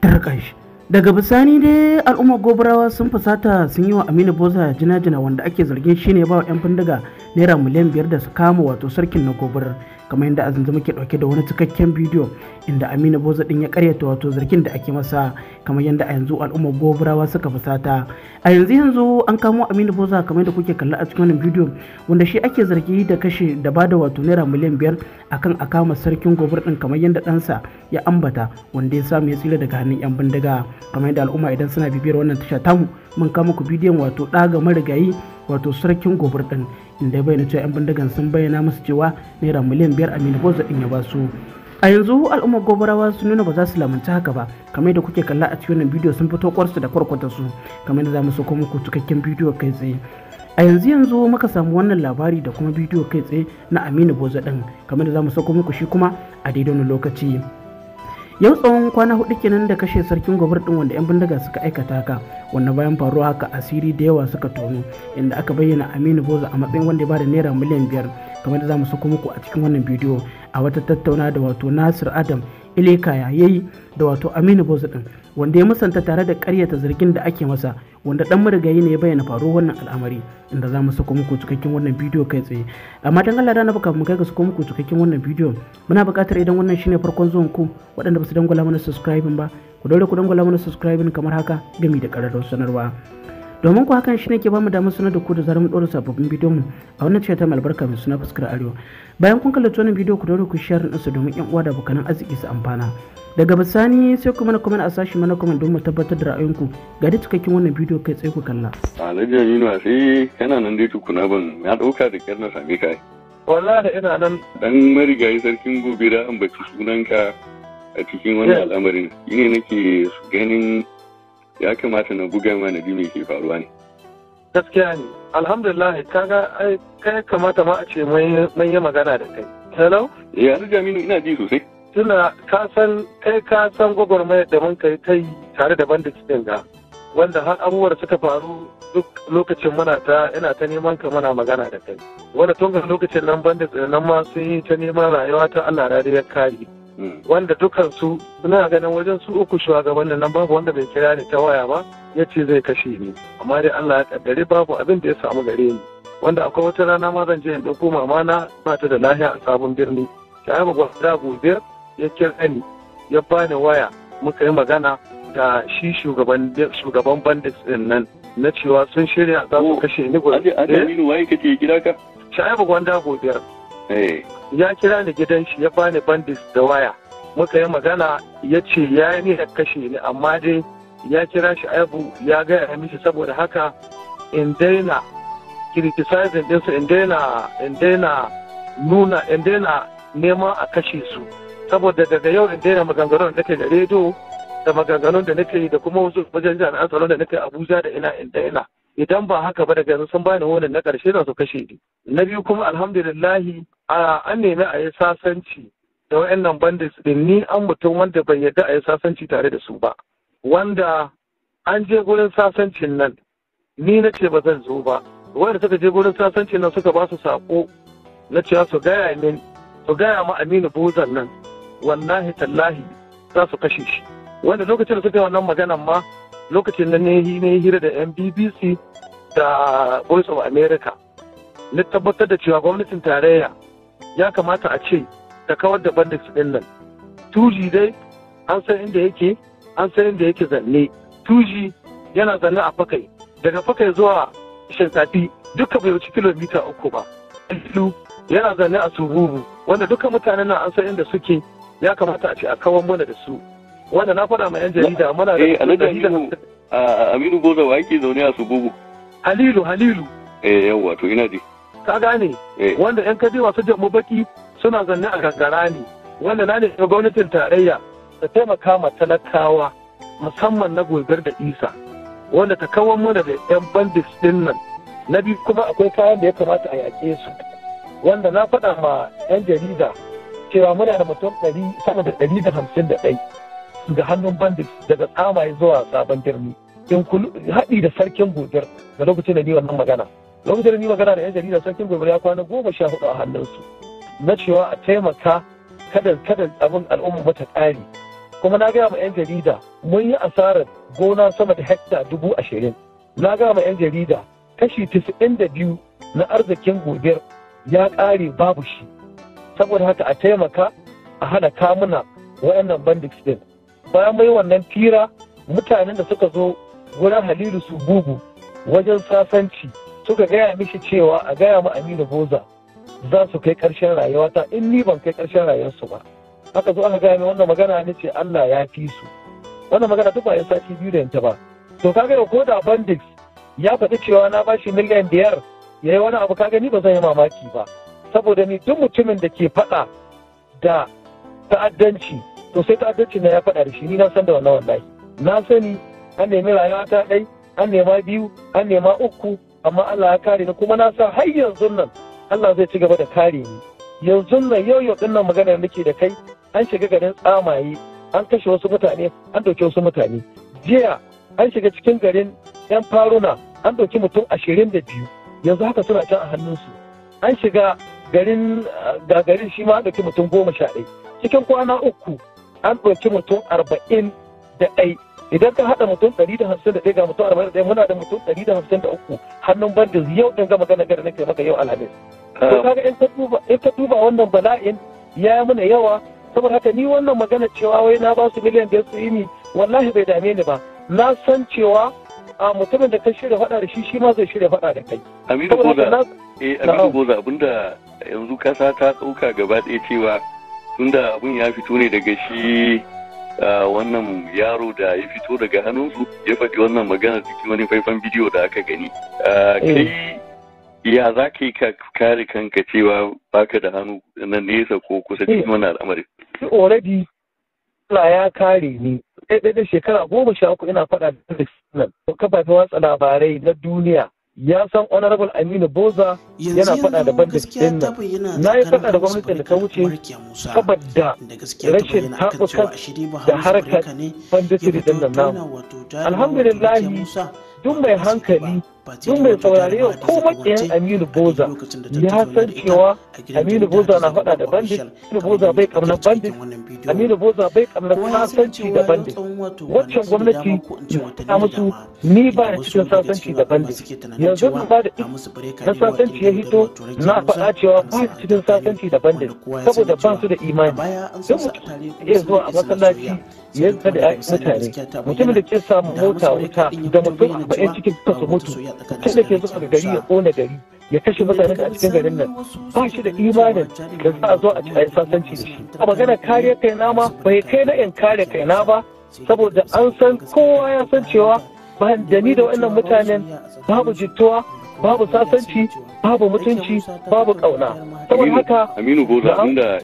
tarkashi daga bisani dai al'ummar gobarawa sun fusata sun yi wa aminu boza jina-jina wanda ake zargin shine ba wa 'yan bindiga naira miliyan biyar da su kama wato sarkin na gobarar kamar yadda a zanzu muke dauke da wani cikakken bidiyo inda aminu boza din ya karyata wato zargin da ake masa kamar yadda a yanzu al'ummar goburawa suka fusata a yanzu yanzu an kamo aminu boza kamar yadda kuke kalla a cikin wannan bidiyo wanda shi ake zargi da kashe da bada wato naira miliyan biyar akan a kama sarkin gobir din kamar yadda ɗansa ya ambata wanda ya samu ya tsira daga hannun yan bindiga kamar yadda al'umma idan suna bibiyar wannan tasha tamu mun kama ku bidiyon wato ɗaga marigayi wato sarkin gobir din inda bayyana cewa 'yan bindigan sun bayyana musu cewa naira miliyan biyar aminu bozo da ya ba su a yanzu al'ummar gobarawa sun nuna ba za su lamunci haka ba kamar da kuke kalla a cikin wannan bidiyo sun fito kwarsu da kwarkwata su kamar da za mu sako muku cikakken bidiyo kai tsaye a yanzu yanzu muka samu wannan labari da kuma bidiyo kai tsaye na aminu bozo din kamar da za mu sako muku shi kuma a daidai wani lokaci yau tsawon kwana hudu kenan da kashe sarkin gobir din wanda 'yan bindiga suka aikata ka wanda bayan faruwa haka asiri da yawa suka tono inda aka bayyana aminu boza a matsayin wanda ya bada naira miliyan biyar kamar da za mu sako muku a cikin wannan bidiyo a wata tattauna da wato nasir adam ileka ya yi da wato aminu bozu din wanda ya musanta tare da karyata zargin da ake masa wanda dan marigayi ne ya bayyana faruwar wannan al'amari inda za mu sako muku cikakken wannan bidiyo kai tsaye amma dan Allah na baka mu kai ga sako muku cikakken wannan bidiyo muna buƙatar idan wannan shine farkon zuwan ku waɗanda ba su dangwala mana subscribing ba ku daure ku dangwala mana subscribing kamar haka gami da ƙararrawar sanarwa domin ku hakan shi ne ke bamu damar sanar da ku da zarar mu dora sababbin bidiyon mu a wannan cewa ta albarka mai suna fuskar arewa bayan kun kalli wannan bidiyo ku dole ku share su domin yan uwa da bukanan arziki su amfana daga bisani sai ku mana comment a sashi mana comment don mu tabbatar da ra'ayinku ga da cikakken wannan bidiyo kai tsaye ku kalla alhaji aminu sai kana nan dai tukuna ban ya ɗauka da kyar na same ka wallahi ina nan dan marigayi sarkin gobe da ambaci sunanka a cikin wani al'amarin ne nake ganin ya kamata na buga ma na me ke faruwa ne gaskiya ne alhamdulillah kaga ai kai kamata ma a ce mun yi magana da kai hello ya eh, Jaminu ina ji sosai tuna ka san kai ka san gwagwarmaya da mun kai kai tare da bandit din ga wanda har abubuwar suka faru duk lokacin muna ta ina ta neman ka muna magana da kai wanda tun ga lokacin nan ban nan ma sun yi ta neman rayuwa ta Allah rariyar kari Mm. wanda dukan su suna ganin wajen su uku wannan nan babu wanda bai kira ni ta waya ba ya ce zai kashe ni mm. amma dai Allah ya kaddare babu abin da ya samu gare ni wanda akwai wata rana ma zan je in dauko mama na ba ta da lahiya a sabon birni ta yi gobe ya kira ni ya bani waya muka yi magana da shi shugaban bandits din nan na cewa sun shirya za su oh. kashe ni gobe. Eh? Adaminu waye kake kira ka? Sha'ibu gwanda gobe. Eh. ya kira ni gidan shi ya bani bandis da waya muka yi magana ya ce ya yi ne kashe ni amma dai ya kira shi aibu ya gaya mishi saboda haka in daina criticizing ɗinsu in daina in daina nuna in daina neman a kashe su saboda daga yau in daina maganganun da nake da rediyo da maganganun da nake da kuma wasu wajen jami'an tsaron da nake abuja da ina in daina idan ba haka ba daga yanzu, sun bani wannan na ƙarshe za su kashe ni na biyu kuma alhamdulillahi an nemi a yi sasanci da waɗannan bandits din ni an mutum wanda bai yarda a yi sasanci tare da su ba wanda an je gurin sasancin nan ni na ce ba zan zo ba wanda suka je gurin sasancin nan suka ba su sako na cewa su gaya min su gaya ma Aminu Bozan nan wallahi tallahi za su kashe shi wanda lokacin da suka yi wannan maganan ma lokacin nan ne yi hira da mbbc da voice of america na tabbatar da cewa gwamnatin tarayya ya kamata a ce ta kawar da bandits din nan tuji dai an san inda yake an san inda yake zanne tuji yana zanne a fakai daga fakai zuwa shinkafi duka bai wuce kilomita uku ba yana zanne a sububu wanda duka mutanen nan an san inda suke ya kamata a ce a kawar mana da su wanda na faɗa ma 'yan jarida muna da eh, jarida Aminu goza wa yake zaune a Subugu Halilu Halilu eh yawa to ina ji ka gane eh. wanda 'yan kaje wasu jammu baki suna zanne a gangara ne wanda na ne gwamnatin tarayya ta taimaka ma talakawa musamman na gogar da isa wanda ta kawo mana da 'yan bandits din nan na biyu kuma akwai kayan da ya kamata a yaƙe su wanda na faɗa ma 'yan jarida cewa muna da mutum ɗari sama da ɗari da hamsin da ɗai ga hannun bandit daga tsamaye zuwa sabon birni in haɗi da sarkin gobir da lokacin da ni wannan magana lokacin da ni magana da yan jarida sarkin gobir ya kwana goma sha hudu a hannunsu na cewa a taimaka kada kada abin al'umma mata ƙari kuma na gaya ma yan jarida mun yi asarar gona sama da hekta dubu ashirin na gaya ma yan jarida kashi tisa'in da biyu na arzikin gobir ya ƙare babu shi saboda haka a taimaka a hana kamuna waɗannan bandits din bayan mai wannan tira mutanen da suka zo wurin halilu su bugu wajen sasanci suka gaya mishi cewa a gaya mu aminu boza za su kai ƙarshen Ta in ni ban kai ƙarshen rayuwarsu ba haka zo aka gaya min wannan magana ne ce Allah ya fi su wannan magana duk ba ya sati biyu da yanta ba to kaga da ko da bandits ya faɗi cewa na bashi miliyan biyar ya yi wani abu ka gani ba zan yi mamaki ba saboda ni duk mutumin da ke faɗa da ta'addanci to sai ta'addanci na ya faɗa da shi ni na san da wannan wallahi na sani an nemi rayuwa ta ɗai an nema biyu an nema uku amma Allah ya kare ni kuma na sa har yanzu nan Allah zai ci gaba da kare ni yanzu nan yau yau dinnan magana da nake da kai an shiga garin tsamaye an kashe wasu mutane an ɗauki wasu mutane jiya an shiga cikin garin yan faruna an ɗauki mutum ashirin da biyu yanzu haka suna can a hannunsu an shiga garin ah, gagarin shi ma an ɗauki mutum goma sha ɗaya cikin kwana uku an ɗauki mutum arba'in da ɗai idan ka haɗa mutum ɗari da hamsin da ɗaya ga mutum arba'in da ɗaya muna da mutum ɗari da hamsin da uku hannun bandin yau ɗin ga gana gada nake maka yau alhamis. Ah. to kaga in ka duba wannan bala'in ya yi mana yawa saboda haka ni wannan magana cewa wai na ba su miliyan biyar su yi ni wallahi bai dame ni ba na san cewa a mutumin da ka shirya faɗa da shi shi ma zai shirya faɗa da kai. Aminu Boza, eh Aminu Boza abinda yanzu kasa ta ɗauka gaba ɗaya cewa tunda abin ya fito ne daga shi wannan yaro da ya fito daga hannunsu ya faɗi wannan magana cikin wani faifan bidiyo da aka gani mm. ya za ka yi kare kanka cewa baka da hannu na nesa ko kusa mm. cikin wani al'amari already Allah ya kare ni ɗaya da shekara goma sha uku ina faɗa da kafafen watsa labarai na duniya ya san honorable aminu boza yana faɗa da bandit din nan na yi faɗa da gwamnati da ta wuce saboda rashin haɓuka da harkar bandit din nan alhamdulillah dumbe mai hankali dumbe mai saurare wa ko makiyan aminu boza ya san cewa aminu boza na faɗa da bandit aminu boza bai kamna bandit aminu boza bai kamna sasanci da bandit waccan gwamnati ta mutu ni ba da cikin sasanci da bandit yanzu mu ba da na sasanci ya hito na faɗa cewa ba da cikin sasanci da bandit saboda ba su da imani duk mutum ya zo a masallaci ya da mutane mutumin da ke samun mota wuta da mutum arba'in cikin suka su mutu sai da ke zuwa ga gari ya ƙona gari ya kashe mutane a cikin garin nan ba shi da imanin da za a zo a cikin sasanci da shi a magana kare kai na ma bai kai na in kare kai na ba saboda an san kowa ya san cewa da ni da wannan mutanen babu jituwa babu sasanci babu mutunci babu ƙauna. aminu inda